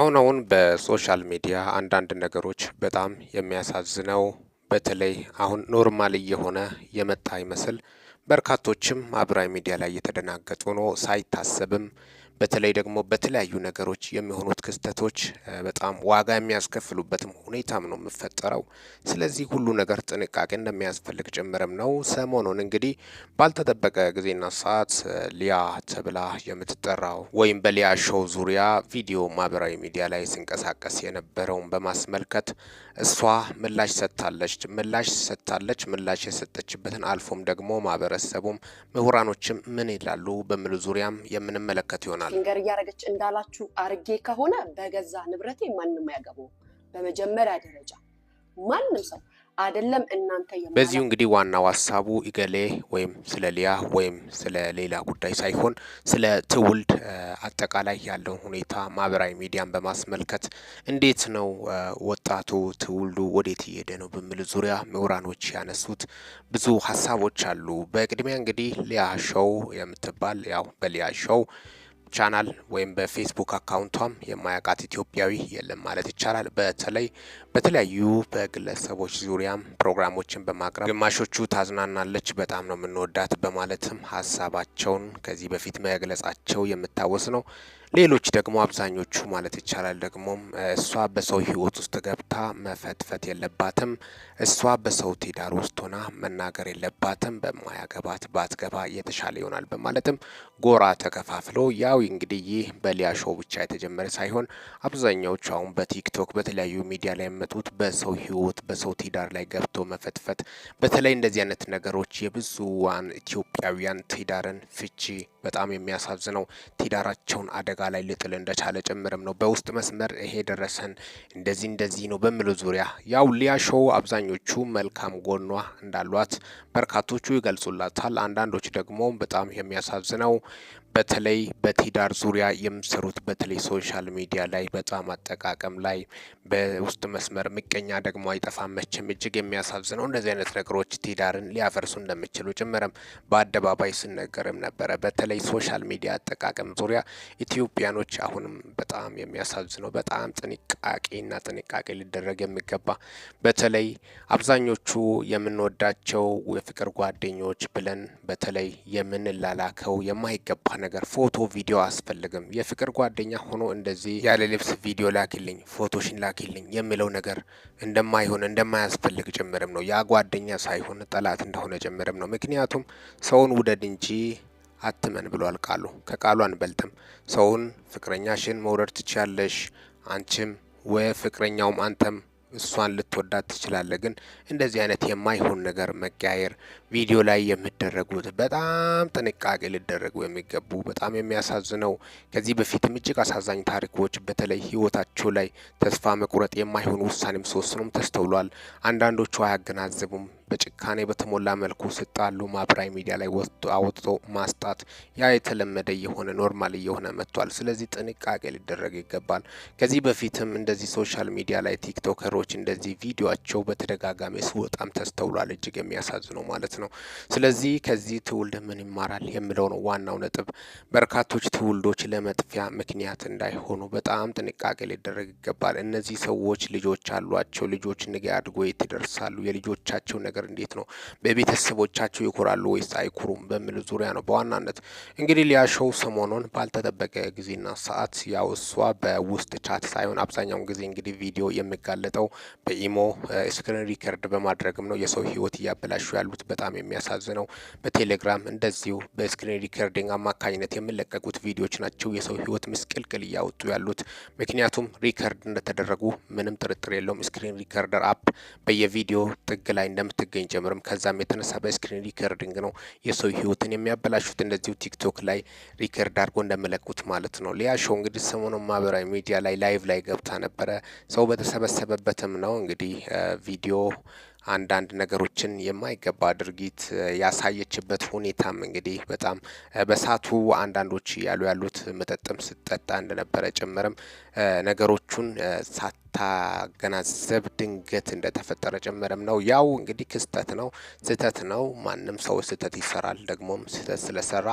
አሁን አሁን በሶሻል ሚዲያ አንዳንድ ነገሮች በጣም የሚያሳዝነው በተለይ አሁን ኖርማል እየሆነ የመጣ ይመስል በርካቶችም ማህበራዊ ሚዲያ ላይ እየተደናገጡ ነው። ሳይታሰብም በተለይ ደግሞ በተለያዩ ነገሮች የሚሆኑት ክስተቶች በጣም ዋጋ የሚያስከፍሉበትም ሁኔታም ነው የምፈጠረው። ስለዚህ ሁሉ ነገር ጥንቃቄ እንደሚያስፈልግ ጭምርም ነው። ሰሞኑን እንግዲህ ባልተጠበቀ ጊዜና ሰዓት ሊያ ተብላ የምትጠራው ወይም በሊያ ሾው ዙሪያ ቪዲዮ ማህበራዊ ሚዲያ ላይ ሲንቀሳቀስ የነበረውን በማስመልከት እሷ ምላሽ ሰጥታለች። ምላሽ ሰጥታለች። ምላሽ የሰጠችበትን አልፎም ደግሞ ማህበረሰቡም ምሁራኖችም ምን ይላሉ በሚሉ ዙሪያም የምንመለከት ይሆናል። ይሆናል። ፊንገር እያደረገች እንዳላችሁ አርጌ ከሆነ በገዛ ንብረቴ ማንም አያገባው። በመጀመሪያ ደረጃ ማንም ሰው አይደለም እናንተ። በዚሁ እንግዲህ ዋናው ሀሳቡ ይገሌ ወይም ስለ ሊያ ወይም ስለ ሌላ ጉዳይ ሳይሆን ስለ ትውልድ አጠቃላይ ያለውን ሁኔታ ማህበራዊ ሚዲያን በማስመልከት እንዴት ነው ወጣቱ ትውልዱ ወዴት እየሄደ ነው በሚል ዙሪያ ምሁራኖች ያነሱት ብዙ ሀሳቦች አሉ። በቅድሚያ እንግዲህ ሊያ ሸው የምትባል ያው በሊያ ሸው ቻናል ወይም በፌስቡክ አካውንቷም የማያውቃት ኢትዮጵያዊ የለም ማለት ይቻላል። በተለይ በተለያዩ በግለሰቦች ዙሪያም ፕሮግራሞችን በማቅረብ ግማሾቹ ታዝናናለች፣ በጣም ነው የምንወዳት በማለትም ሀሳባቸውን ከዚህ በፊት መግለጻቸው የምታወስ ነው። ሌሎች ደግሞ አብዛኞቹ ማለት ይቻላል ደግሞ እሷ በሰው ህይወት ውስጥ ገብታ መፈትፈት የለባትም። እሷ በሰው ትዳር ውስጥ ሆና መናገር የለባትም። በማያገባት ባትገባ የተሻለ ይሆናል በማለትም ጎራ ተከፋፍሎ ያው እንግዲህ ይህ በሊያ ሾው ብቻ የተጀመረ ሳይሆን አብዛኛዎቹ አሁን በቲክቶክ በተለያዩ ሚዲያ ላይ የመጡት በሰው ህይወት በሰው ትዳር ላይ ገብቶ መፈትፈት፣ በተለይ እንደዚህ አይነት ነገሮች የብዙዋን ኢትዮጵያውያን ትዳርን ፍቺ በጣም የሚያሳዝነው ትዳራቸውን አደጋ ላይ ልጥል እንደቻለ ጭምርም ነው። በውስጥ መስመር ይሄ ደረሰን እንደዚህ እንደዚህ ነው በሚሉ ዙሪያ ያው ሊያ ሾው አብዛኞቹ መልካም ጎኗ እንዳሏት በርካቶቹ ይገልጹላታል። አንዳንዶች ደግሞ በጣም የሚያሳዝነው በተለይ በትዳር ዙሪያ የምሰሩት በተለይ ሶሻል ሚዲያ ላይ በጣም አጠቃቀም ላይ በውስጥ መስመር ምቀኛ ደግሞ አይጠፋም መቼም። እጅግ የሚያሳዝነው እንደዚህ አይነት ነገሮች ትዳርን ሊያፈርሱ እንደሚችሉ ጭምርም በአደባባይ ስነገርም ነበረ። በተለይ በተለይ ሶሻል ሚዲያ አጠቃቀም ዙሪያ ኢትዮጵያኖች አሁንም በጣም የሚያሳዝነው በጣም ጥንቃቄና ጥንቃቄ ሊደረግ የሚገባ በተለይ አብዛኞቹ የምንወዳቸው የፍቅር ጓደኞች ብለን በተለይ የምንላላከው የማይገባ ነገር ፎቶ፣ ቪዲዮ አስፈልግም የፍቅር ጓደኛ ሆኖ እንደዚህ ያለ ልብስ ቪዲዮ ላኪልኝ፣ ፎቶሽን ላኪልኝ የሚለው ነገር እንደማይሆን እንደማያስፈልግ ጭምርም ነው። ያ ጓደኛ ሳይሆን ጠላት እንደሆነ ጭምርም ነው። ምክንያቱም ሰውን ውደድ እንጂ አትመን ብሏል ቃሉ። ከቃሉ አንበልጥም። ሰውን ፍቅረኛሽን መውደድ ትችያለሽ፣ አንቺም ወይ ፍቅረኛውም አንተም እሷን ልትወዳት ትችላለህ። ግን እንደዚህ አይነት የማይሆን ነገር መቀያየር፣ ቪዲዮ ላይ የሚደረጉት በጣም ጥንቃቄ ሊደረጉ የሚገቡ በጣም የሚያሳዝነው ከዚህ በፊትም እጅግ አሳዛኝ ታሪኮች በተለይ ህይወታቸው ላይ ተስፋ መቁረጥ የማይሆን ውሳኔም ሲወስኑም ተስተውሏል። አንዳንዶቹ አያገናዝቡም። በጭካኔ በተሞላ መልኩ ስጣሉ ማህበራዊ ሚዲያ ላይ አውጥቶ ማስጣት ያ የተለመደ እየሆነ ኖርማል እየሆነ መጥቷል። ስለዚህ ጥንቃቄ ሊደረግ ይገባል። ከዚህ በፊትም እንደዚህ ሶሻል ሚዲያ ላይ ቲክቶከሮች እንደዚህ ቪዲዮቸው በተደጋጋሚ በጣም ተስተውሏል። እጅግ የሚያሳዝነው ማለት ነው። ስለዚህ ከዚህ ትውልድ ምን ይማራል የምለው ነው ዋናው ነጥብ። በርካቶች ትውልዶች ለመጥፊያ ምክንያት እንዳይሆኑ በጣም ጥንቃቄ ሊደረግ ይገባል። እነዚህ ሰዎች ልጆች አሏቸው። ልጆች ነገ አድጎ የት ይደርሳሉ? የልጆቻቸው ነገር ነገር እንዴት ነው በቤተሰቦቻቸው ይኮራሉ ወይስ አይኩሩም በሚል ዙሪያ ነው። በዋናነት እንግዲህ ሊያ ሰሞኑን ባልተጠበቀ ጊዜና ሰዓት ያው እሷ በውስጥ ቻት ሳይሆን አብዛኛውን ጊዜ እንግዲህ ቪዲዮ የሚጋለጠው በኢሞ ስክሪን ሪከርድ በማድረግም ነው የሰው ህይወት እያበላሹ ያሉት። በጣም የሚያሳዝነው በቴሌግራም እንደዚሁ በስክሪን ሪከርዲንግ አማካኝነት የሚለቀቁት ቪዲዮዎች ናቸው የሰው ህይወት ምስቅልቅል እያወጡ ያሉት። ምክንያቱም ሪከርድ እንደተደረጉ ምንም ጥርጥር የለውም። ስክሪን ሪከርደር አፕ በየቪዲዮ ጥግ ላይ እንደምትገ እንደሚገኝ ጭምርም ከዛም የተነሳ በስክሪን ሪከርዲንግ ነው የሰው ህይወትን የሚያበላሹት እንደዚሁ ቲክቶክ ላይ ሪከርድ አድርጎ እንደመለቁት ማለት ነው። ሊያ ሾው እንግዲህ ሰሞኑን ማህበራዊ ሚዲያ ላይ ላይቭ ላይ ገብታ ነበረ። ሰው በተሰበሰበበትም ነው እንግዲህ ቪዲዮ አንዳንድ ነገሮችን የማይገባ ድርጊት ያሳየችበት ሁኔታም እንግዲህ በጣም በሳቱ አንዳንዶች ያሉ ያሉት መጠጥም ስትጠጣ እንደነበረ ጭምርም ነገሮቹን ሳት ሳታገናዘብ ድንገት እንደተፈጠረ ጭምርም ነው። ያው እንግዲህ ክስተት ነው፣ ስህተት ነው። ማንም ሰው ስህተት ይሰራል። ደግሞም ስህተት ስለሰራ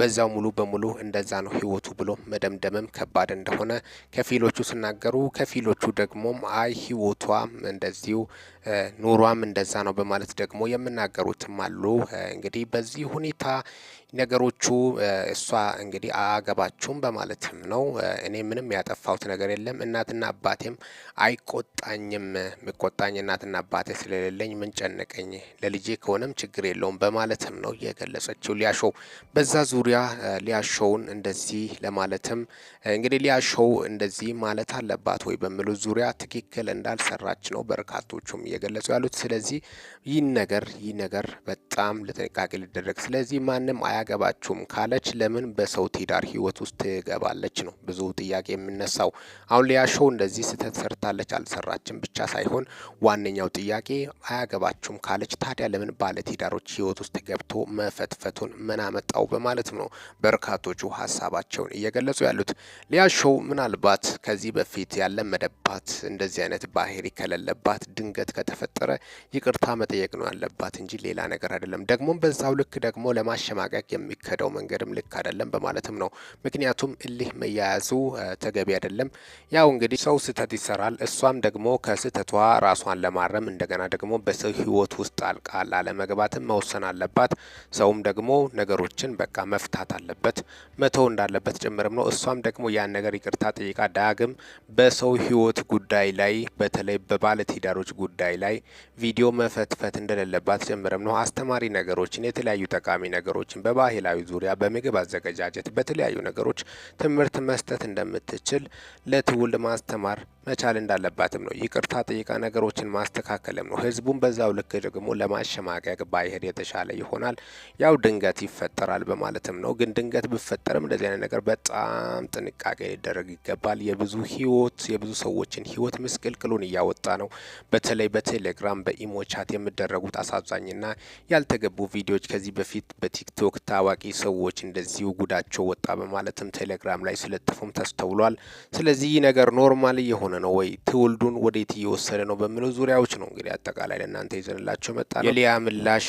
በዛው ሙሉ በሙሉ እንደዛ ነው ህይወቱ ብሎ መደምደምም ከባድ እንደሆነ ከፊሎቹ ሲናገሩ፣ ከፊሎቹ ደግሞም አይ ህይወቷም እንደዚሁ ኑሯም እንደዛ ነው በማለት ደግሞ የምናገሩትም አሉ። እንግዲህ በዚህ ሁኔታ ነገሮቹ እሷ እንግዲህ አያገባችሁም በማለትም ነው እኔ ምንም ያጠፋሁት ነገር የለም እናትና አባቴም አይቆጣኝም፣ ምቆጣኝ እናትና አባቴ ስለሌለኝ ምን ጨነቀኝ፣ ለልጄ ከሆነም ችግር የለውም በማለትም ነው የገለጸችው ሊያሾው። በዛ ዙሪያ ሊያሾውን እንደዚህ ለማለትም እንግዲህ ሊያሾው እንደዚህ ማለት አለባት ወይ በሚሉ ዙሪያ ትክክል እንዳልሰራች ነው በርካቶቹም እየገለጹ ያሉት። ስለዚህ ይህን ነገር ይህ ነገር በጣም ለጥንቃቄ ሊደረግ። ስለዚህ ማንም አያገባችሁም ካለች ለምን በሰው ትዳር ህይወት ውስጥ ትገባለች ነው ብዙ ጥያቄ የሚነሳው። አሁን ሊያሾው ሾው እንደዚህ ስህተት ሰርታለች አልሰራችም ብቻ ሳይሆን ዋነኛው ጥያቄ አያገባችሁም ካለች ታዲያ ለምን ባለትዳሮች ህይወት ውስጥ ገብቶ መፈትፈቱን ምን አመጣው በማለት ነው በርካቶቹ ሀሳባቸውን እየገለጹ ያሉት። ሊያ ሾው ምናልባት ከዚህ በፊት ያለመደባት እንደዚህ አይነት ባህሪ ከሌለባት ድንገት ከተፈጠረ ይቅርታ መጠየቅ ነው ያለባት እንጂ ሌላ ነገር አይደለም። ደግሞም በዛው ልክ ደግሞ ለማሸማቀቅ የሚከደው መንገድም ልክ አይደለም በማለትም ነው። ምክንያቱም እልህ መያያዙ ተገቢ አይደለም። ያው እንግዲህ ሰው ስህተት ይሰራል። እሷም ደግሞ ከስህተቷ ራሷን ለማረም እንደገና ደግሞ በሰው ህይወት ውስጥ ጣልቃ ላለመግባትም መወሰን አለባት። ሰውም ደግሞ ነገሮችን በቃ መፍታት አለበት መተው እንዳለበት ጭምርም ነው። እሷም ደግሞ ያን ነገር ይቅርታ ጠይቃ ዳግም በሰው ህይወት ጉዳይ ላይ በተለይ በባለትዳሮች ጉዳይ ላይ ቪዲዮ መፈትፈት እንደሌለባት ጭምርም ነው አስተማ አስተማሪ ነገሮችን የተለያዩ ጠቃሚ ነገሮችን በባህላዊ ዙሪያ በምግብ አዘገጃጀት በተለያዩ ነገሮች ትምህርት መስጠት እንደምትችል ለትውልድ ማስተማር መቻል እንዳለባትም ነው። ይቅርታ ጠይቃ ነገሮችን ማስተካከልም ነው። ህዝቡን በዛው ልክ ደግሞ ለማሸማቀቅ ባይሄድ የተሻለ ይሆናል። ያው ድንገት ይፈጠራል በማለትም ነው። ግን ድንገት ብፈጠርም እንደዚህ አይነት ነገር በጣም ጥንቃቄ ሊደረግ ይገባል። የብዙ ህይወት የብዙ ሰዎችን ህይወት ምስቅልቅሉን እያወጣ ነው። በተለይ በቴሌግራም በኢሞቻት የሚደረጉት አሳዛኝና ያልተገቡ ቪዲዮዎች ከዚህ በፊት በቲክቶክ ታዋቂ ሰዎች እንደዚሁ ጉዳቸው ወጣ በማለትም ቴሌግራም ላይ ስለጥፉም ተስተውሏል። ስለዚህ ነገር ኖርማል የሆነ እየሆነ ነው ወይ ትውልዱን ወዴት እየወሰደ ነው በሚለው ዙሪያዎች ነው እንግዲህ አጠቃላይ ለእናንተ ይዘንላቸው መጣ ነው የሊያ ምላሽ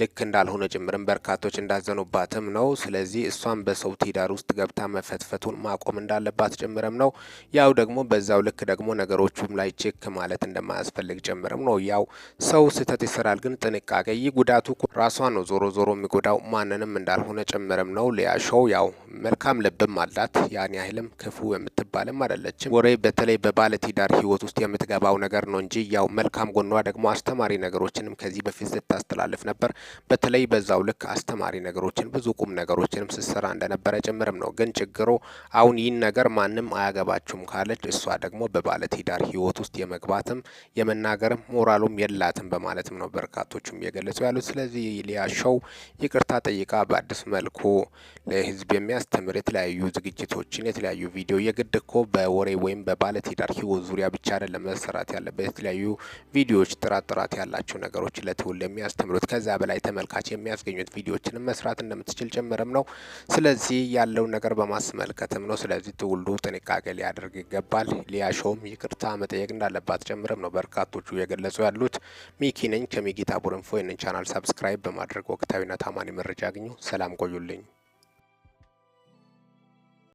ልክ እንዳልሆነ ጭምርም በርካቶች እንዳዘኑባትም ነው። ስለዚህ እሷም በሰው ትዳር ውስጥ ገብታ መፈትፈቱን ማቆም እንዳለባት ጭምርም ነው። ያው ደግሞ በዛው ልክ ደግሞ ነገሮቹም ላይ ችክ ማለት እንደማያስፈልግ ጭምርም ነው። ያው ሰው ስህተት ይሰራል፣ ግን ጥንቃቄ። ይህ ጉዳቱ ራሷ ነው ዞሮ ዞሮ የሚጎዳው ማንንም እንዳልሆነ ጭምርም ነው። ሊያሾው ያው መልካም ልብም አላት፣ ያን ያህልም ክፉ የምትባልም አይደለችም። ወሬ በተለይ በባለ ትዳር ህይወት ውስጥ የምትገባው ነገር ነው እንጂ ያው መልካም ጎኗ ደግሞ አስተማሪ ነገሮችንም ከዚህ በፊት ስታስተላልፍ ነበር። በተለይ በዛው ልክ አስተማሪ ነገሮችን ብዙ ቁም ነገሮችንም ስትሰራ እንደነበረ ጭምርም ነው። ግን ችግሩ አሁን ይህን ነገር ማንም አያገባችሁም ካለች እሷ ደግሞ በባለትዳር ህይወት ውስጥ የመግባትም የመናገርም ሞራሉም የላትም በማለትም ነው በርካቶቹም የገለጹ ያሉት። ስለዚህ ሊያ ሾው ይቅርታ ጠይቃ በአዲስ መልኩ ለህዝብ የሚያስተምር የተለያዩ ዝግጅቶችን የተለያዩ ቪዲዮ የግድ እኮ በወሬ ወይም በባለትዳር ህይወት ዙሪያ ብቻ አይደለም መሰራት ያለበት የተለያዩ ቪዲዮዎች ጥራት ጥራት ያላቸው ነገሮች ለትውል የሚያስተምሩት ከዛ በላይ ተመልካች የሚያስገኙት ቪዲዮችንም መስራት እንደምትችል ጭምርም ነው። ስለዚህ ያለውን ነገር በማስመልከትም ነው። ስለዚህ ትውልዱ ጥንቃቄ ሊያደርግ ይገባል። ሊያሾም ይቅርታ መጠየቅ እንዳለባት ጭምርም ነው በርካቶቹ የገለጹ ያሉት። ሚኪ ነኝ ከሚጌታ ቡርንፎ። ይህንን ቻናል ሰብስክራይብ በማድረግ ወቅታዊና ታማኒ መረጃ ያግኙ። ሰላም ቆዩልኝ።